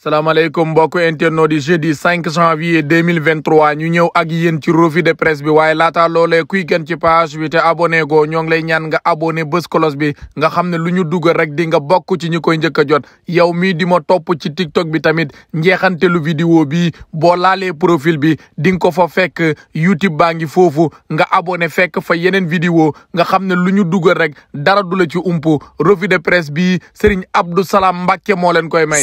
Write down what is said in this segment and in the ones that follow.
salaamaaleykum mbokk internautes di jeudi 5 janvier 2023 ñu ñëw ak yéen ci revue de presse bi waaye laata loolee kuy gën ci page bi te abonné goo ñoo ngi lay ñaan nga abonné bés kolos bi nga xam ne lu ñu dugal rek di nga bokk ci ñu koy njëkk a jot yow mii di ma topp ci tiktok bi tamit njeexantelu vidéo bi boo laalee profil bi di nga ko fa fekk youtube baa ngi foofu nga abone fekk fa yeneen vidéo nga xam ne lu ñu dugal rek dara du la ci umpu revue de presse bi Serigne Abdou Salam Mbacké moo leen koy may.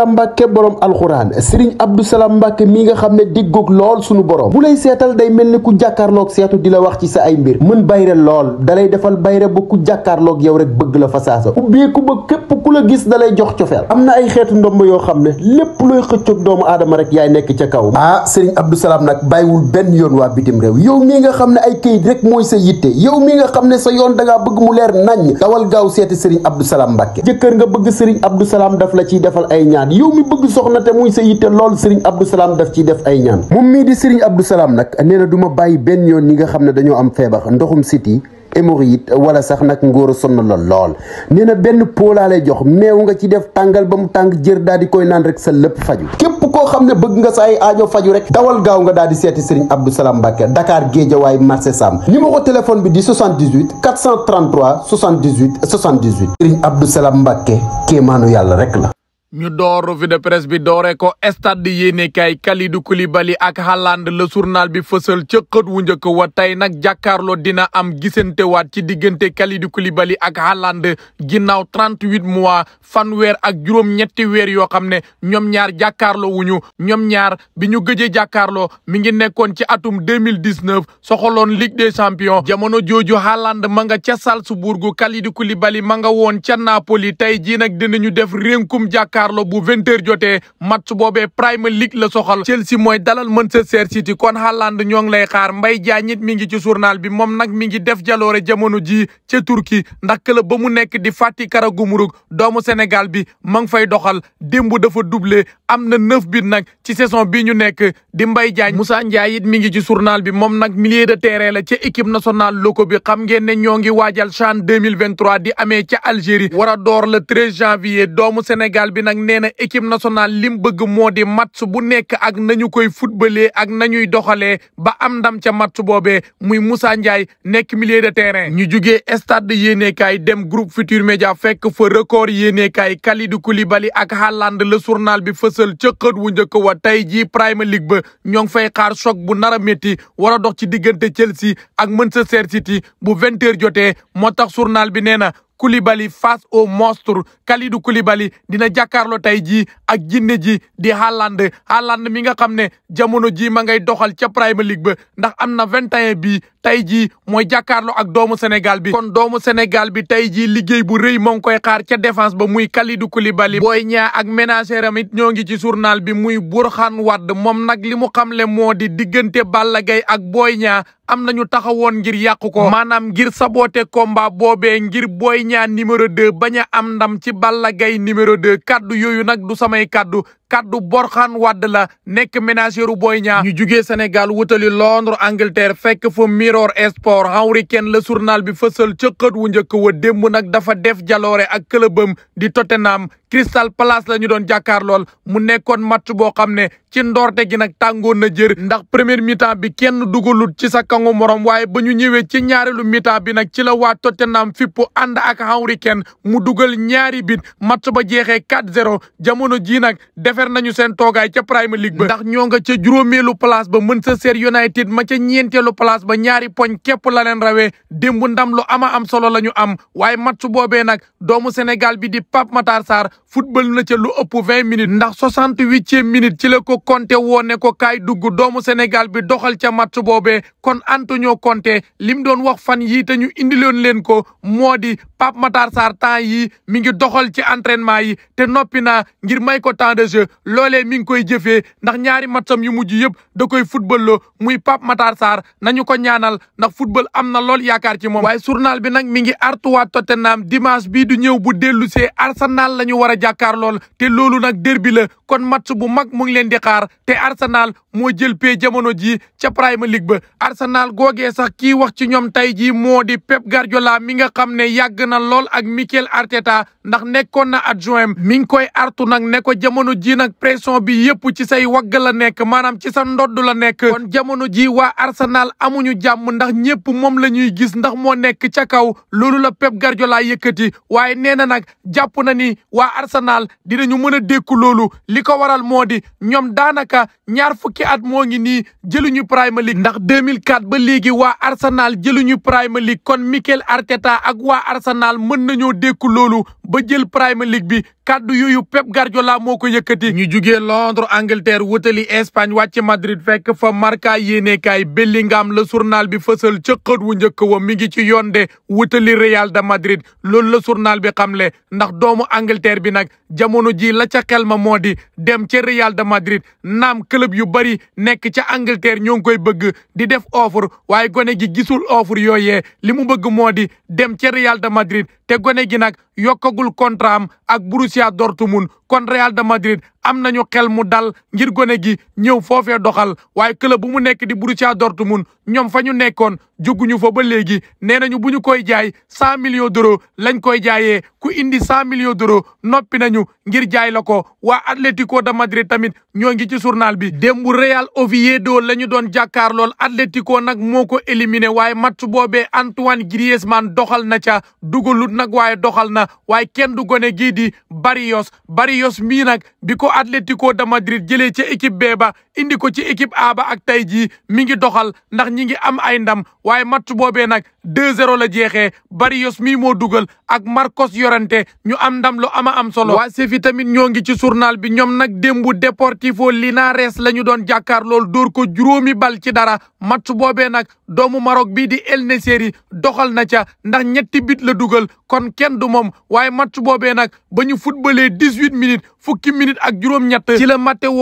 Salam Mbacke borom alxuraan Serigne Abdou Salam Mbacke mi nga xam ne diggoog lool sunu borom bu lay seetal day mel ni ku jàkkaarloog seetu di la wax ci sa ay mbir mën bayre lool dalay defal bayre ba ku jàkkaarloog yow rek bëgg la fasaasa ku bëgg képp ku la gis dalay jox cofeel am na ay xeetu ndomb yoo xam ne lépp looy xëccoog doomu aadama rek yaay nekk ca kaw ah Serigne Abdou Salam nag bàyyiwul benn yoon waa bitim réew yow mii nga xam ne ay këyit rek mooy sa yitte yow mi nga xam ne sa yoon da ngaa bëgg mu leer naññ dawal gaaw seeti Serigne Abdou Salam Mbacke jëkkër nga bëgg Serigne Abdou Salam daf la ciy defal yow mi bëgg soxna te muy sa yitte lool Serigne Abdou Salam daf ciy def ay ñaan moom mii di Serigne Abdou Salam nag nee na du bàyyi benn yoon ñi nga xam ne dañoo am feebar ndoxum siti hémorroïde wala sax nag ngóor a sonn la lool nee na benn poolaa lay jox meew nga ci def tàngal ba mu tàng jër daal di koy naan rek sa lépp faju képp koo xam ne bëgg nga sa ay aajo faju rek dawal gaaw nga daal di seeti Serigne Abdou Salam Mbacke Dakar Guédiawaye marché Sam numéro téléphone bi di 78 433 78 78 Serigne Abdou Salam Mbacke kéemaanu yàlla rek la ñu door revue de presse bi doore ko stade di yéenekaay Kalidou Koulibaly ak Haaland la journal bi fësal ca xët wu njëkk wa tey nag jàkkaarloo dina am waat ci diggante Kalidou kulibali ak Haaland ginnaaw trente-huit mois fanweer ak juróom-ñetti weer yoo xam ne ñoom ñaar jàkkaarloo wuñu ñoom ñaar bi ñu gëjee jàkkaarloo mi ngi nekkoon ci atum deux mille dix-neuf soxoloon Ligue des champions jamono jooju Haaland ma nga ca Salzbourg Kalidou Koulibaly ma nga woon ca Napoli tey jii nag dinañu def rénkum jàkkaarloo jàkkaarloo bu vingt heures jotee match boobee Premier League la soxal Chelsea mooy dalal Manchester City kon Haaland ñoo ngi lay xaar Mbaye Diagne mi ngi ci journal bi moom nag mi ngi def jaloore jamono jii ba mu nekk di Fatih Karagümrük doomu Sénégal bi ma ngi fay doxal démb dafa doublé am na neuf but nag ci saison bi ñu nekk di Mbaye Diagne Moussa Ndiaye it mi ngi ci journal bi moom nag milieu de terrain la ca équipe nationale loko bi xam ngeen ne ñoo ngi waajal CHAN 2023 di amee ca Algérie war door le janvier doomu Sénégal bi nag nee na équipe nationale lim bëgg moo di match bu nekk ak nañu koy footballer ak nañuy doxalee ba am ndam ca match boobee muy Moussa Ndiaye nekk milieu de terrain. ñu jugee stade yéenekaay dem groupe Futur Média fekk fa record yéenekaay Kalidou Koulibaly ak Haaland le journal bi fësal ca xët wu njëkk wa tey jii Premier League ba ñoo ngi fay xaar choc bu nar a métti war dox ci diggante Chelsea ak Manchester City bu vingt heures jotee moo tax journal bi nee na. Koulibaly face au monstre Kalidou Koulibaly dina jàkkaarloo tey jii ak jinne ji di Haaland Haaland mi nga xam ne jamono jii ma ngay doxal ca Premier League ba ndax am na vingt 21 bii tey jii mooy jàkkaarloo ak doomu Sénégal bi. kon doomu Sénégal bi tey jii liggéey bu rëy moo ngi koy xaar ca défense ba muy Kalidou Koulibaly. Boy Niang ak ménager am ñoo ngi ci journal bi muy Bourkhane Wade moom nag li mu xam xamle moo di diggante Balla ak Boy ñaar am nañu taxawoon ngir yàqu ko maanaam ngir saboter komba boobee ngir booy Niang numéro 2 bañ a am ndam ci Balla Gaye numéro 2 kàddu yooyu nag du samay kàddu kaddu Borkhane Wade la nekk ménagéru Boy Niang ñu jugee Sénégal wutali Londres Angleterre fekk fa Mirror Sport Henry Kane la journal bi fësal ca wu njëkk wa démb nag dafa def jaloore ak këlëbam di Tottenham Crystal Palace la ñu doon jàkkaar mu nekkoon match boo xam ne ci ndorte gi nag tàngoon na jër ndax première mi bi kenn dugalut ci sa kangu morom waaye ba ñu ñëwee ci ñaareelu mi bi nag ci la waa Tottenham fippu ànd ak Henry mu dugal ñaari bi match ba jeexee 4-0 jamono ji nag def rafet nañu seen ca Premier League ba ndax ñoo nga ca juróomeelu place ba Manchester United ma ca ñeenteelu place ba ñaari poñ képp la leen rawee démb ndam lu ama am solo la ñu am waaye match boobee nag doomu Sénégal bi di Pape Matar Sarr football na ca lu ëpp vingt minutes ndax soixante-huitième minute ci la ko Conte woo ne ko kaay dugg doomu Sénégal bi doxal ca match boobee kon Antonio Conte lim doon wax fan yii te ñu indiloon leen ko moo di Pape Matar Sarr temps yi mi ngi doxal ci entraînement yi te noppi na ngir may ko temps de jeu loolee mi ngi koy jëfee ndax ñaari matsam yu mujj yëpp da koy football loo muy Pape Matar Sarr nañu ko ñaanal ndax football am na lool yaakaar ci moom. waaye journal bi nag mi ngi artuwaa Tottenham dimanche bii du ñëw bu dellu see Arsenal la ñu war a jàkkaar lool te loolu nag derby la kon match bu mag mu ngi leen di xaar te Arsenal moo jël pee jamono jii ca Premier League ba Arsenal googe sax kii wax ci ñoom tey jii moo di Pep Guardiola mi nga xam ne yàgg na lool ak Mikel Arteta ndax nekkoon na adjoint mi ngi koy artu nag ne jamono jii nag pression bi yëpp ci say wagg la nekk maanaam ci sa ndodd la nekk kon jamono ji waa Arsenal amuñu jàmm ndax ñëpp moom la ñuy gis ndax moo nekk ca kaw loolu la Pep Guardiola yëkkati waaye nee na nag jàpp na ni waa Arsenal dinañu mën a dékku loolu li ko waral moo di ñoom daanaka ñaar fukki at moo ngi ni jëluñu Premier League ndax 2004 ba léegi waa Arsenal jëluñu Premier League kon Mikel Arteta ak waa Arsenal mën nañoo dékku loolu ba jël Premier League bi kàddu yooyu Pep la moo ko yëkkati ñu jugee Londres Angleterre wutali Espagne wàcc Madrid fekk fa Marca yéenekaay Bellingham la journal bi fësal ca xët wu njëkk wa mi ngi ci yoon de wutali Real de Madrid loolu la journal bi le ndax doomu Angleterre bi nag jamono ji la ca xel ma di dem ca Real de Madrid naam club yu bari nekk ca Angleterre ñoo ngi koy bëgg di def offre waaye gone gi gisul offre yooyee li mu bëgg moo di dem ca Real de Madrid te gone gi nag yokkagul contrat am ak Borussia Dortmund kon Real Madrid am nañu xel mu dal ngir gone gi ñëw foofee doxal waaye club bu mu nekk di Borussia mun ñoom fa ñu nekkoon jóguñu fa ba léegi nee nañu bu ñu koy jaay cent millions d'euros lañ koy jaayee ku indi cent millions d'euros noppi nañu ngir jaay la ko waa Atlético de Madrid tamit ñoo ngi ci journal bi démb Real Oviedo la ñu doon jàkkaar lool Atlético nag moo ko éliminé waaye match boobee Antoine Griezmann doxal na ca dugalut nag waaye doxal na waaye kenn du gone gii di Barrios Barrios mii nag Atlético de Madrid jëlee ci équipe B ba indi ko ci équipe aba ak tey jii mi ngi doxal ndax ñi ngi am ay ndam waaye match boobee nag deux 0 la jeexee Barrios mii moo dugal ak Marcos yorante ñu am ndam lu ama am solo. waa Séville tamit ñoo ngi ci journal bi ñoom nag démbu Deportivo Linares la ñu doon jàkkaar lool dóor ko juróomi bal ci dara match boobee nag doomu Maroc bii di El Nesseri doxal na ca ndax ñetti bit la dugal kon kenn du moom waaye match boobee nag ba ñu footballee dix-huit juróom-ñett ci la Matteo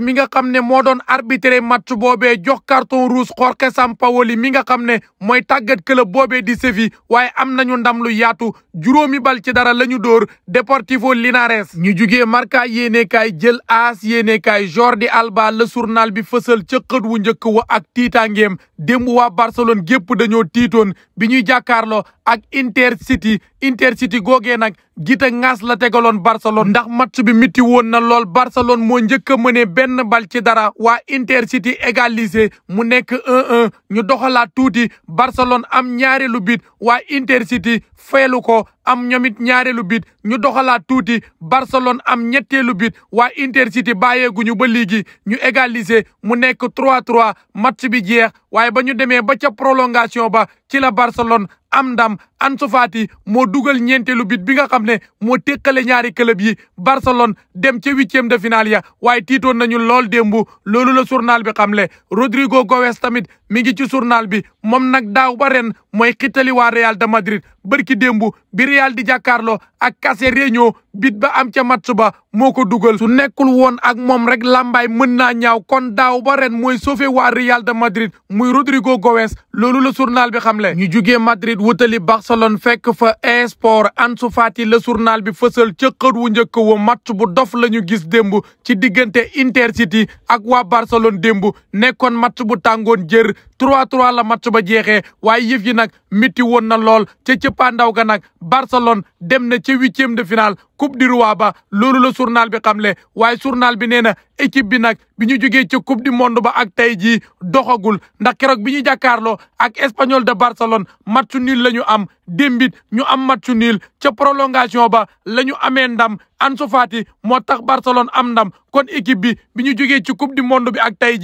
mi nga xam ne moo doon arbitré match boobee jox carton rouge Jorge Sampaoli mi nga xam ne mooy tàggat club boobee di Séville waaye am na ñu ndam lu yaatu juróomi bal ci dara la ñu dóor Deportivo Linares ñu jugee Marca yéenekaay jël AS yéenekaay Jordi Alba le journal bi fësal ca wu njëkk wa ak tiitaangeem démb waa Barcelone gépp dañoo tiitoon bi ñuy jàkkaarloo ak intercity intercity googee nag gita ngaas la tegaloon barcelone ndax match bi miti woon na lool barcelone moo njëkk a mënee benn bal ci dara waa intercity égalisé mu nekk 1-1 ñu doxalaat tuuti barcelone am ñaareelu bit waa intercity feelu ko am ñoomit ñaareelu bit ñu doxalaat tuuti barcelone am ñetteelu bit waa intercity bàyyeeguñu ba léegi ñu égalisé mu nekk 3-3 match bi jeex waaye ba ñu demee ba ca prolongation ba ci la barcelone am ndam Ansu Fati moo dugal ñeenteelu bit bi nga xam ne moo teqale ñaari club yi Barcelone dem ca huitième de finale ya waaye tiitoon nañu lool démbu loolu la journal bi xamle Rodrigo Goes tamit mi ngi ci journal bi moom nag daaw ba ren mooy xitali waa Real de Madrid bërki démbu bi Real di jàkkaarloo ak Cacereño bit ba am ca match ba moo ko dugal su nekkul woon ak moom rek làmbaay mën naa ñaaw kon daaw ba ren mooy sauvé waa Real de Madrid muy Rodrigo Goes loolu la journal bi xamle ñu jugee Madrid wutali Barcelone Barcelone fekk fa esport Ansu Fati la journal bi fësal ca wu njëkk wu match bu dof la ñu gis démb ci diggante Intercity ak waa Barcelone démb nekkoon match bu tàngoon jër trois trois la match ba jeexee waaye yëf nag métti woon na lool ca cëppaandaw ga nag Barcelone dem na ca huitième de finale coupe du roi ba loolu la journal bi le waaye journal bi nee na équipe bi nag bi ñu jógee ca coupe du monde ba ak tey jii doxagul ndax keroog bi ñu jàkkaarloo ak español de Barcelone match nul la ñu am démbit ñu am match nul ca prolongation ba la ñu amee ndam Ansu Fati moo tax Barcelone am ndam kon équipe bi bi ñu jógee ci coupe du bi ak tey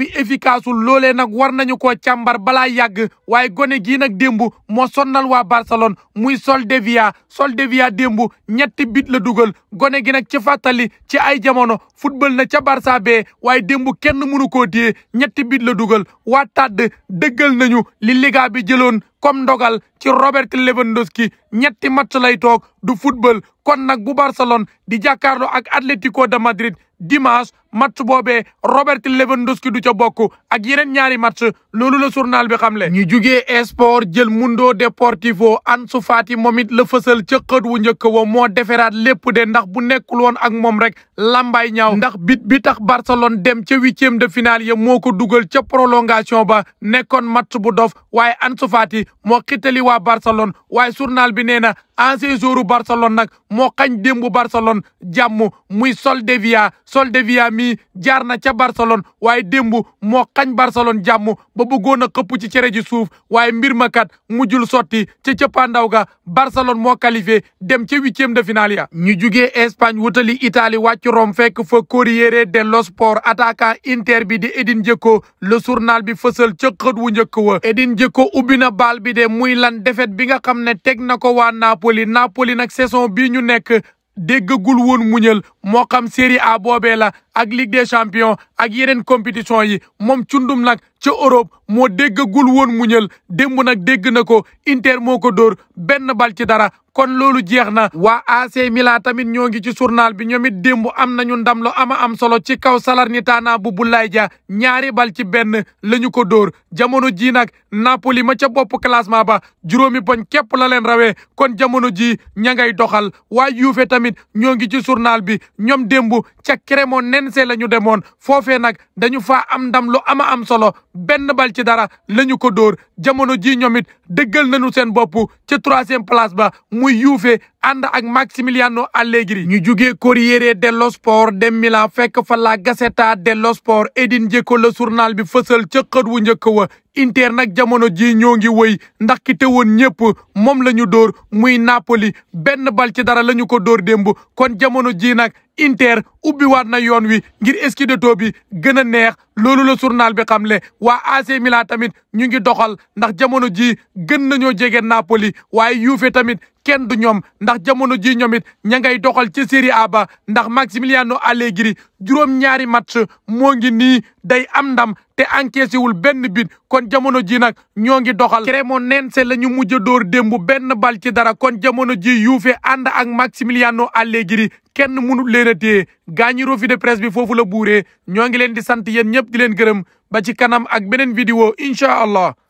bi efficaceul loolee nag war nañu ko càmbar balaa yàgg waaye gone gii nag démb moo sonnal waa Barcelone muy sol sol de Soldevia Soldevia démb ñetti bit la dugal gone gi nag ci fàttali ci ay jamono football na ca Barça bee waaye démb kenn mënu koo téye ñetti bit la dugal waa tàdd dëggal nañu li Liga bi jëloon comme ndogal ci Robert Lewandowski ñetti match lay toog du football kon nag bu Barcelone di jàkkaarloo ak Atlético de Madrid dimanche match boobee Robert Lewandowski du ca bokk ak yeneen ñaari match loolu la journal bi xamle. ñu jugee esport jël Mundo Deportivo Ansu Fati moom it la fësal ca xët wu njëkk wa moo deferaat lépp de ndax bu nekkul woon ak moom rek lambay ñaaw. ndax bit bi tax Barcelone dem ca huitième de finale ya moo ko dugal ca prolongation ba nekkoon match bu dof waaye Ansu moo xittali waa Barcelone waaye journal bi nee na ancien joueur Barcelone nag moo xañ démbu Barcelone jàmm muy Soldevia Soldevia mi jaar na ca Barcelone waaye démbu moo xañ Barcelone jàmm ba bëggoon a xëpp ci cere ji suuf waaye mbir ma kat mujjul sotti ca cëppaandaw ga Barcelone moo qualifié dem ci huitième de finale ya ñu juge Espagne wutali Italie wàcc Rome fekk fa Corriere dello Sport attaquant Inter bi di Edin Dzeko le journal bi fësal ca xët wu njëkk wa Edin na mondial bi de muy lan defet bi nga xam ne teg na ko waa Napoli Napoli nag saison bii ñu nekk déggagul woon mu ñël moo xam Serie A boobee la ak Ligue des champions ak yeneen compétition yi moom cundum nag ca Europe moo déggagul woon muñal démb nag dégg na ko Inter moo ko dóor benn bal ci dara kon loolu jeex na waa AC Milan tamit ñoo ngi ci journal bi ñoom it démb am nañu ndam lu ama am solo ci kaw Salernitana bu Boulaye Dia ñaari bal ci benn la ko dóor jamono ji nag Napoli ma ca bopp classement ba juróomi boñ képp la leen rawee kon jamono ji ña ngay doxal waa Juve tamit ñoo ngi ci journal bi ñoom démb ca CNC la ñu demoon foofee nag dañu faa am ndam lu ama am solo benn bal ci dara la ñu ko dóor jamono ji ñoom it dëggal nañu seen bopp ci troisième place ba muy yuufee ànd ak Maximiliano Allegri ñu jugee Corriere dello Sport dem Milan fekk fa la Gazzetta dello Sport Edin Dzeko la journal bi fësal ca wu njëkk wa Inter nag jamono jii ñoo ngi woy ndax ki te woon ñëpp moom la ñu dóor muy Napoli benn bal ci dara la ñu ko dóor démb kon jamono jii nag Inter ubbiwaat na yoon wi ngir scudetto bi gën a neex loolu la surnal bi xam xamle waa AC Milan tamit ñu ngi doxal ndax jamono jii gën nañoo jege Napoli waaye Juve tamit kenn du ñoom ndax jamono ji ñoom it ña ngay doxal ci Serie A ba ndax Maximiliano Allegri juróom-ñaari match moo ngi nii day am ndam te encaissé wul benn bit kon jamono ji nag ñoo ngi doxal Cremonense la ñu mujj door dóor démb benn bal ci dara kon jamono ji Juve ànd ak Maximiliano Allegri kenn mënul leen a téye gaañi rofi de presse bi foofu la buuree ñoo ngi leen di sant yéen ñëpp di leen gërëm ba ci kanam ak beneen vidéo incha allah